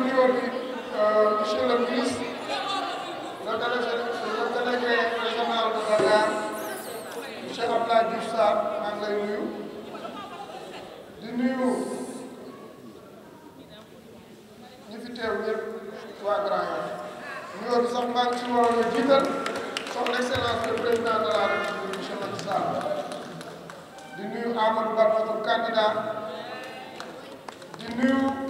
nuyoo bi monsieur le ministre le délégué le délégué régional de Dakar monsieur Abdoulaye bi sax maa ngi ci waroon a jiital son excellence le président de la République monsieur Macky Sall di nuyu Amadou Ba notre candidat di nuyu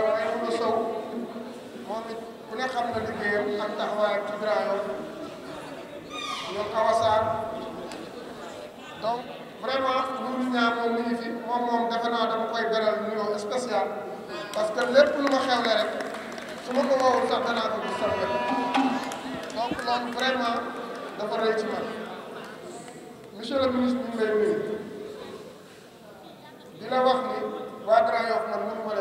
nga xam ne liggéeyam ak taxawaayam ci Birayoo ñoom Awa Sarr donc vraiment ñun ñaa moom mi ngi fi moom moom defe naa dama koy beral nuyoo spécial parce que lépp lu ma xewle rek su ma ko woowul sax danaa ko gis sax donc loolu vraiment dafa rëy ci man monsieur le ministre lay nuyu di la wax ni waa Grand Yoff nag mënu ma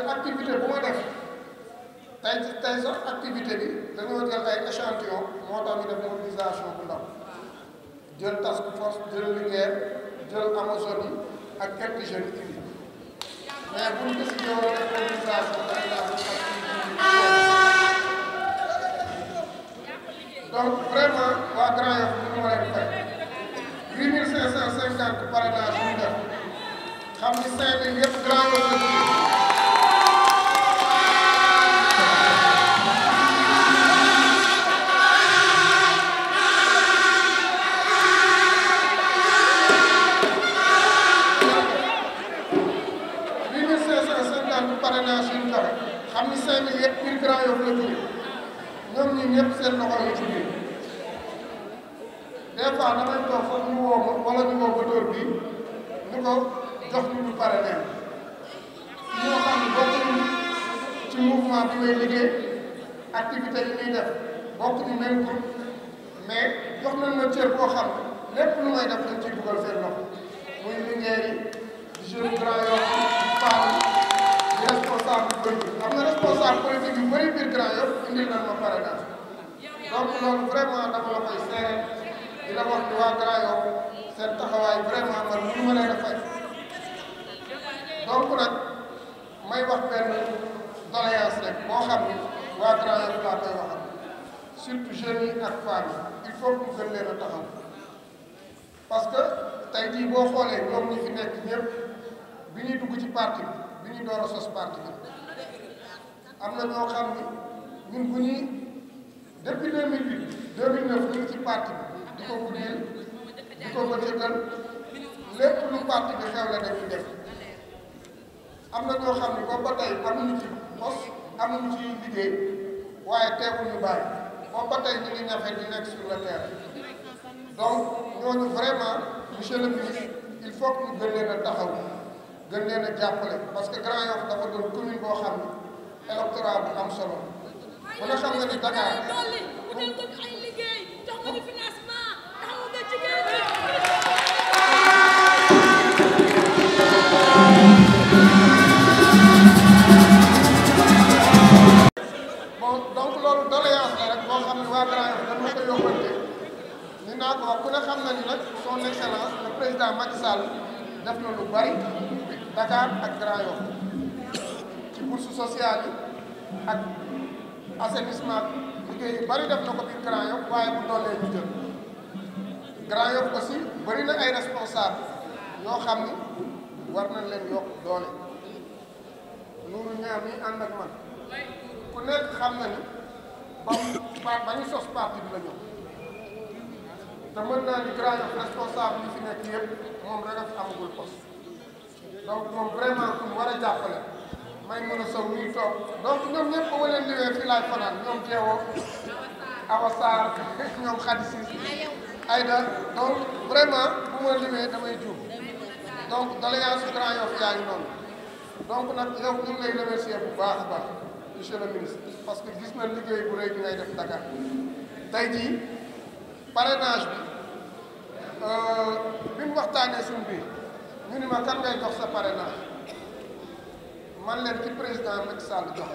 que activité bu ma def tey tey sax activité bi dañoo jël ay échantillon moo tax ñu def mobilisation bu ndaw jël task force jël liggéey jël amazone yi ak quelques jeunes indi mais bu ñu décidé woon def mobilisation dañ laa donc vraiment waa Grand Yoff ñu ma leen fay huit mille cinq cent cinquante parrainage ñu def xam ni cinq mille yëpp Grand Yoff ko jox ñu ñu parrainage ñoo xam ne bokkuñu ci mouvement bi may liggéey activité yi ñuy def bokkuñu même groupe mais jox nañ ma cër boo xam lépp lu may def dañ ciy dugal seen loxo muy liggéey yi jeune grand yoo xam ne responsable politique am na responsable politique yu bëri biir grand yoo indi nañ ma parrainage donc loolu vraiment dama la koy seere di la wax ni waa grand yoo seen taxawaay vraiment mu mënu ma leen a fay donc nag may wax benn doléance rek boo xam ni waa Grand Yoff laa koy waxal surtout jeunes ak femmes yi il faut que gën leen a taxaw parce que tey jii boo xoolee ñoom ñi fi nekk ñëpp bi ñuy dugg ci parti bi bi ñuy door a sos parti bi am na ñoo xam ni ñun bu ñuy depuis 2008 2009 ñu ngi ci parti bi di ko guddeel di ko ko jëkkal lépp lu parti bi xew la dañuy def am na ñoo xam ne boobu ba tey amuñu ci pos amuñu ci liggéey waaye teewul ñu bàyyi boobu ba tey ñu ngi ñafe di nekk sur le terrain donc ñooñu vraiment monsieur le il faut que ñu gën leen a taxaw gën leen a jàppale parce que Grand Yoff dafa doon commune boo xam ne électorat bu am solo bu nga xam ne ni Dakar accord ku ne xam na ni nag son excellence le président Macky Sall def na lu bari Dakar ak Grand Yoff ci bourse sociale yi ak assainissement liggéey bari def na ko biir Grand Yoff waaye bu doolee ñu jël Grand Yoff aussi bëri na ay responsable yoo xam ni war nañ leen yokk doole loolu ñaar mi ànd ak man ku nekk xam na ni ba ba ñu sos parti bi la ñëw te mën naa di grand responsable yi fi nekk yëpp moom rek a fi amagul poste donc moom vraiment ku mu war a jàppale may mën a sow ñuy toog donc ñoom ñoom Jeewo Awa Sarr ñoom Khady Cissé Aïda donc vraiment bu ma liwee damay juum donc doléance Grand Yoff yaa ngi noonu donc nag yow ñu ngi lay remercier bu baax a baax monsieur le ministre parce que gis na liggéey bu rëy bi ngay def Dakar tey jii. parrainage bi euh, bi mu waxtaanee suñ biir ñu ma kan ngay jox sa parrainage man leen ci président Macky Sall joxe képp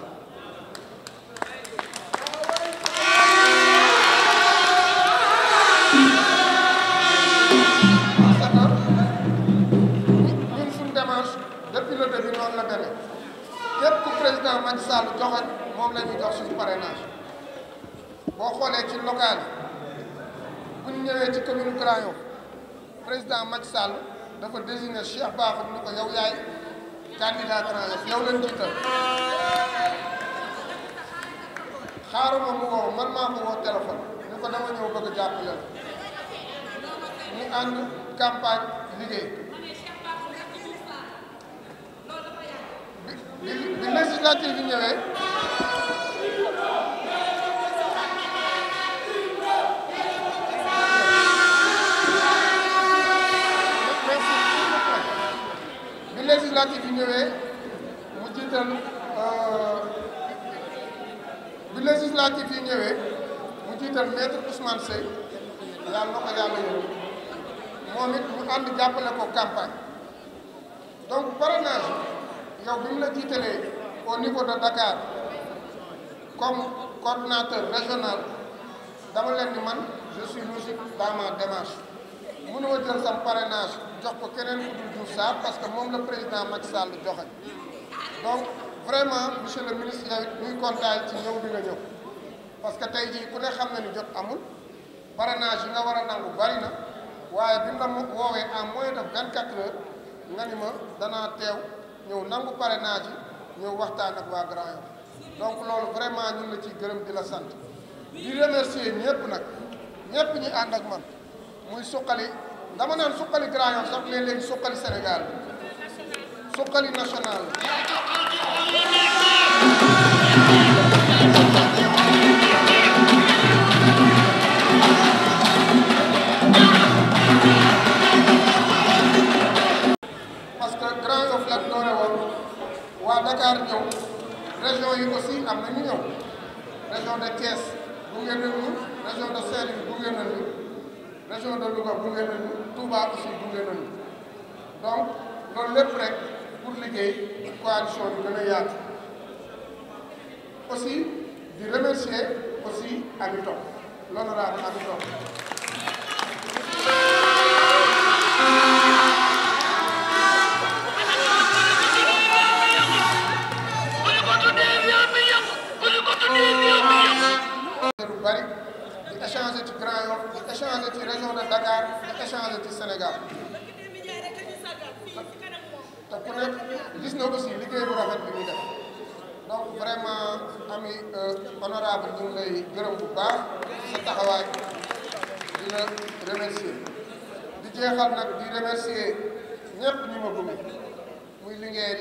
président Macky Sall joxe moom la ñuy jox suñu parrainage boo xoolee ci local bu ñu ñëwee ci commune Grand Yoff président Macky Sall dafa désigné Cheikh Bakhoum ni ko yow yaay candidat Grand Yoff yow lañ jiital xaaruma mu woo man maa ko woo téléphone ni ko dama ñëw bëgg jàppale ñu ànd campagne liggéey bi bi législative yi ñëwee ñëwee mu jiital euh, bi législative yi ñëwee mu jiital maître Ousmane Seye yàlla na yàlla yóbbu moom it mu ànd jàppale ko campagne donc parrainage yow bi mu la jiitalee au niveau de Dakar comme coordinateur régional dama leen di man je suis logique dans ma démarche mënoo jël sam parrainage jox ko keneen ku dul Diouf parce que moom la président Macky Sall joxe donc vraiment monsieur le ministre yow ñuy kontaan ci ñëw bi ñëw parce que tey jii ku ne xam na ni jot amul parrainage yi nga war a nangu bari na waaye bi mu la woowee en moins de vingt quatre heures nga ni ma danaa teew ñëw nangu parrainage yi ñëw waxtaan ak waa Grand Yoff donc loolu vraiment ñun la ciy gërëm di la sant di remercier ñëpp nag ñëpp ñu ànd ak man muy suqali dama naan suqali Grand Yoff sax léeg-léeg suqali Sénégal suqali national. parce que Grand Yoff la doore woon waa Dakar ñëw région yi aussi am na ñu ñëw région de Thiès bu ngeen région de Saint-Louis bu ngeen région de Louga gunge nañu Touba aussi gunge nañu donc loolu lépp rek pour liggéey coalition bi gën a aussi di remercier aussi Amitok l'honorable Amitok vraiment ami euh, honorable ñu lay gërëm bu baax sa taxawaay di la di jeexal nag di remercier ñëpp ñu ma gumi muy Linguère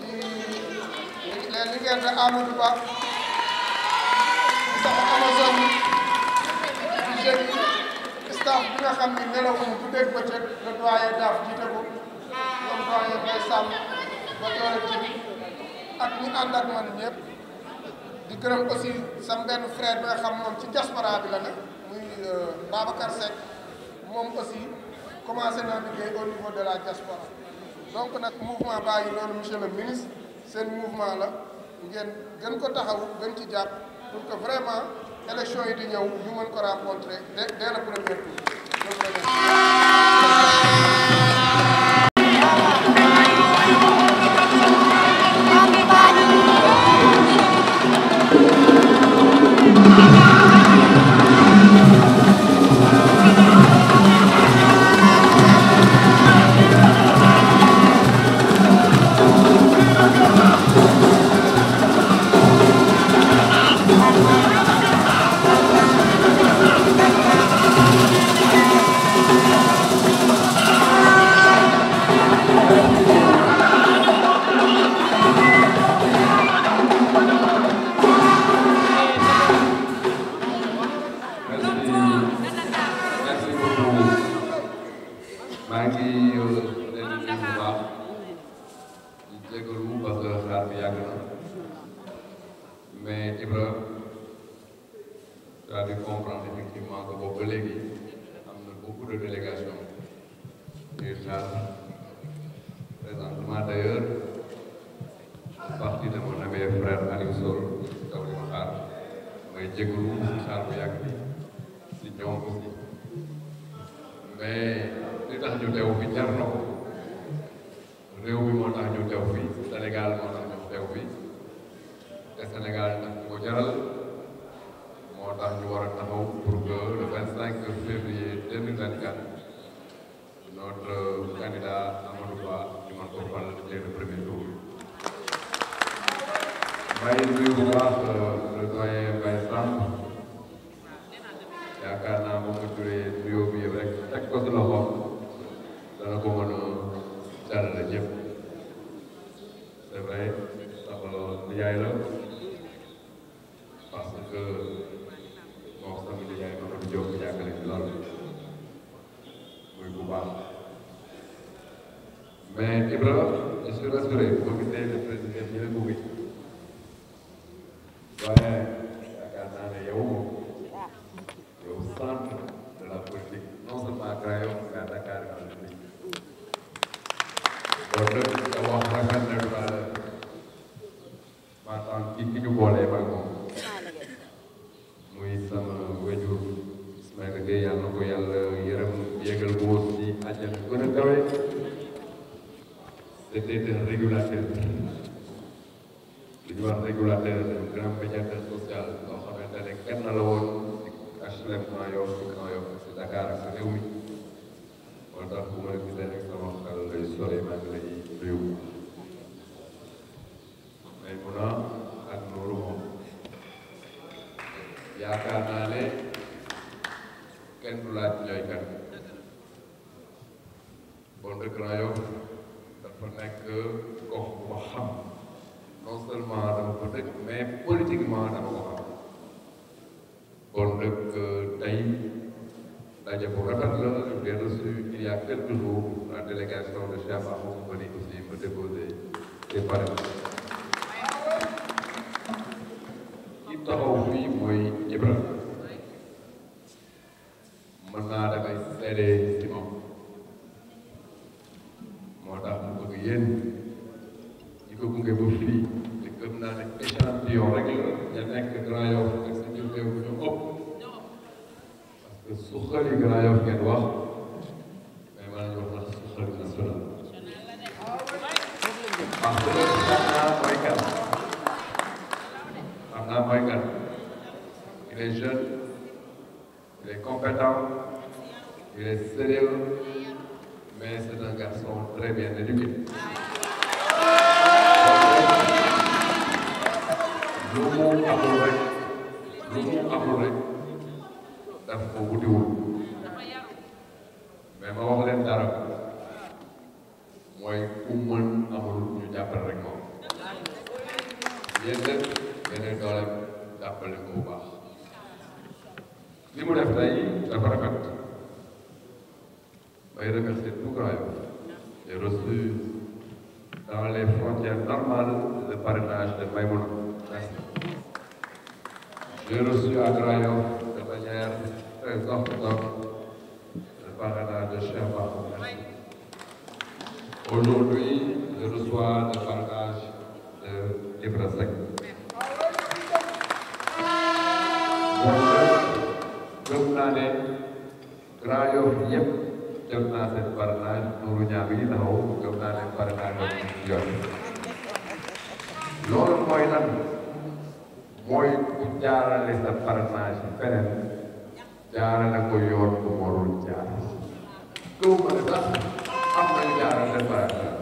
yi di les Linguère de Amadou Ba di sama di jeune staff bi nga xam ni nelawuñu bu dégg bëccëg le doyen daaf jiite ko comme doyen Mbaye Samb ba doole ci ak ñi ànd ak ñëpp di gërëm aussi sam benn frère bi nga xam moom ci diaspora bi la nag muy euh, Babacar Seck moom aussi commencé naa liggéey au niveau de la diaspora donc nag mouvement baa ngi noonu monsieur ministre seen mouvement la ngeen gën ko taxaw gën ci jàpp pour que vraiment élection yi di ñëw ñu mën ko rencontrer dès dès le premier tour maa ngi leen di nuyu bu baax bi yàgg na mais Ibra tu as dû comprendre effectivement que boobu ba am na beaucoup de délégations ñuy xaar présentement d'ailleurs partie de mon ami frère Aliou Sow taw li ma xaar mooy jégalu xaar bu yàgg bi si ñoom aussi mais. li tax ñu teew fi jar na ko réew mi moo tax ñu teew fi Sénégal moo tax ñu teew fi te Sénégal nag ko jaral moo tax ñu war a taxaw pour que le vingt cinq février deux mille vingt quatre notre candidat Amadou Ba ñu mën ko fal dès le premier tour maa ngi nuyu bu baax euh, le doyen Baye Samb yaakaar naa moom nga juree nuyoo bi rek teg ko si loxo Thank you. ndax bu ma la gisee rek sama xel lay sori maa ngi lay réew may mun a ak Nourou moom yaakaar naa quelques jours, la délégation de chefs à Montgomery aussi me déposer des parrainages. Il est sérieux, mais c'est un garçon très bien éduqué. lu mu amul rek lu mu amul rek daf ko wutiwul mais ma wax leen dara mooy ku mën amul ñu jàppale rek moom yéen def beneen doole jàppale ko bu baax li mu def tey dafa rafet Je remercier tout J'ai reçu dans les frontières normales le parrainage de Maïmouna. J'ai reçu à Grayov de manière très orthodoxe le parrainage de Cheikh Aujourd'hui, je reçois le parrainage de Libre parrainage Nourou Niang yi taxaw gëm naa ne parrainage am ñu jot loolu mooy lan mooy ku jaarale sa parrainage feneen jaarale ko yoon bu warul jaar gëw ma ne sax am na jaarale parrainage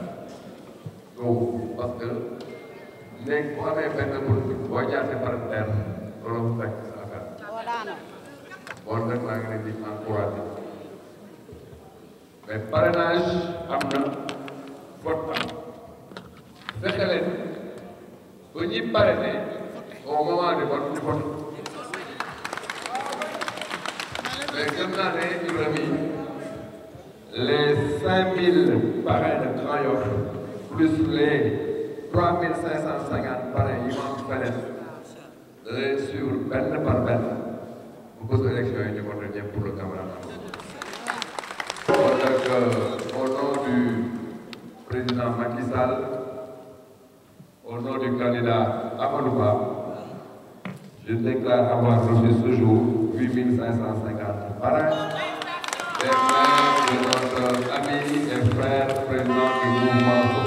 gëw parce que léegi boo amee benn politique boo jaaree parrainage loolu mu fekk sa affaire bon nag maa ngi leen di mais parrainage am na important fexe vous ba ñuy parrainé au moment du vote. di vot mais gëm naa ne jurom les 5 parrains de grand yor plus les 3 parrains 5 cent cinquante les sur peine par peine, vous bëgg élection yi ñu vote ñëpp pour le camarade au nom du président Macky Sall, au nom du candidat Amadouba, je déclare avoir reçu ce jour 8550 parrains des mains de notre ami et frère président du mouvement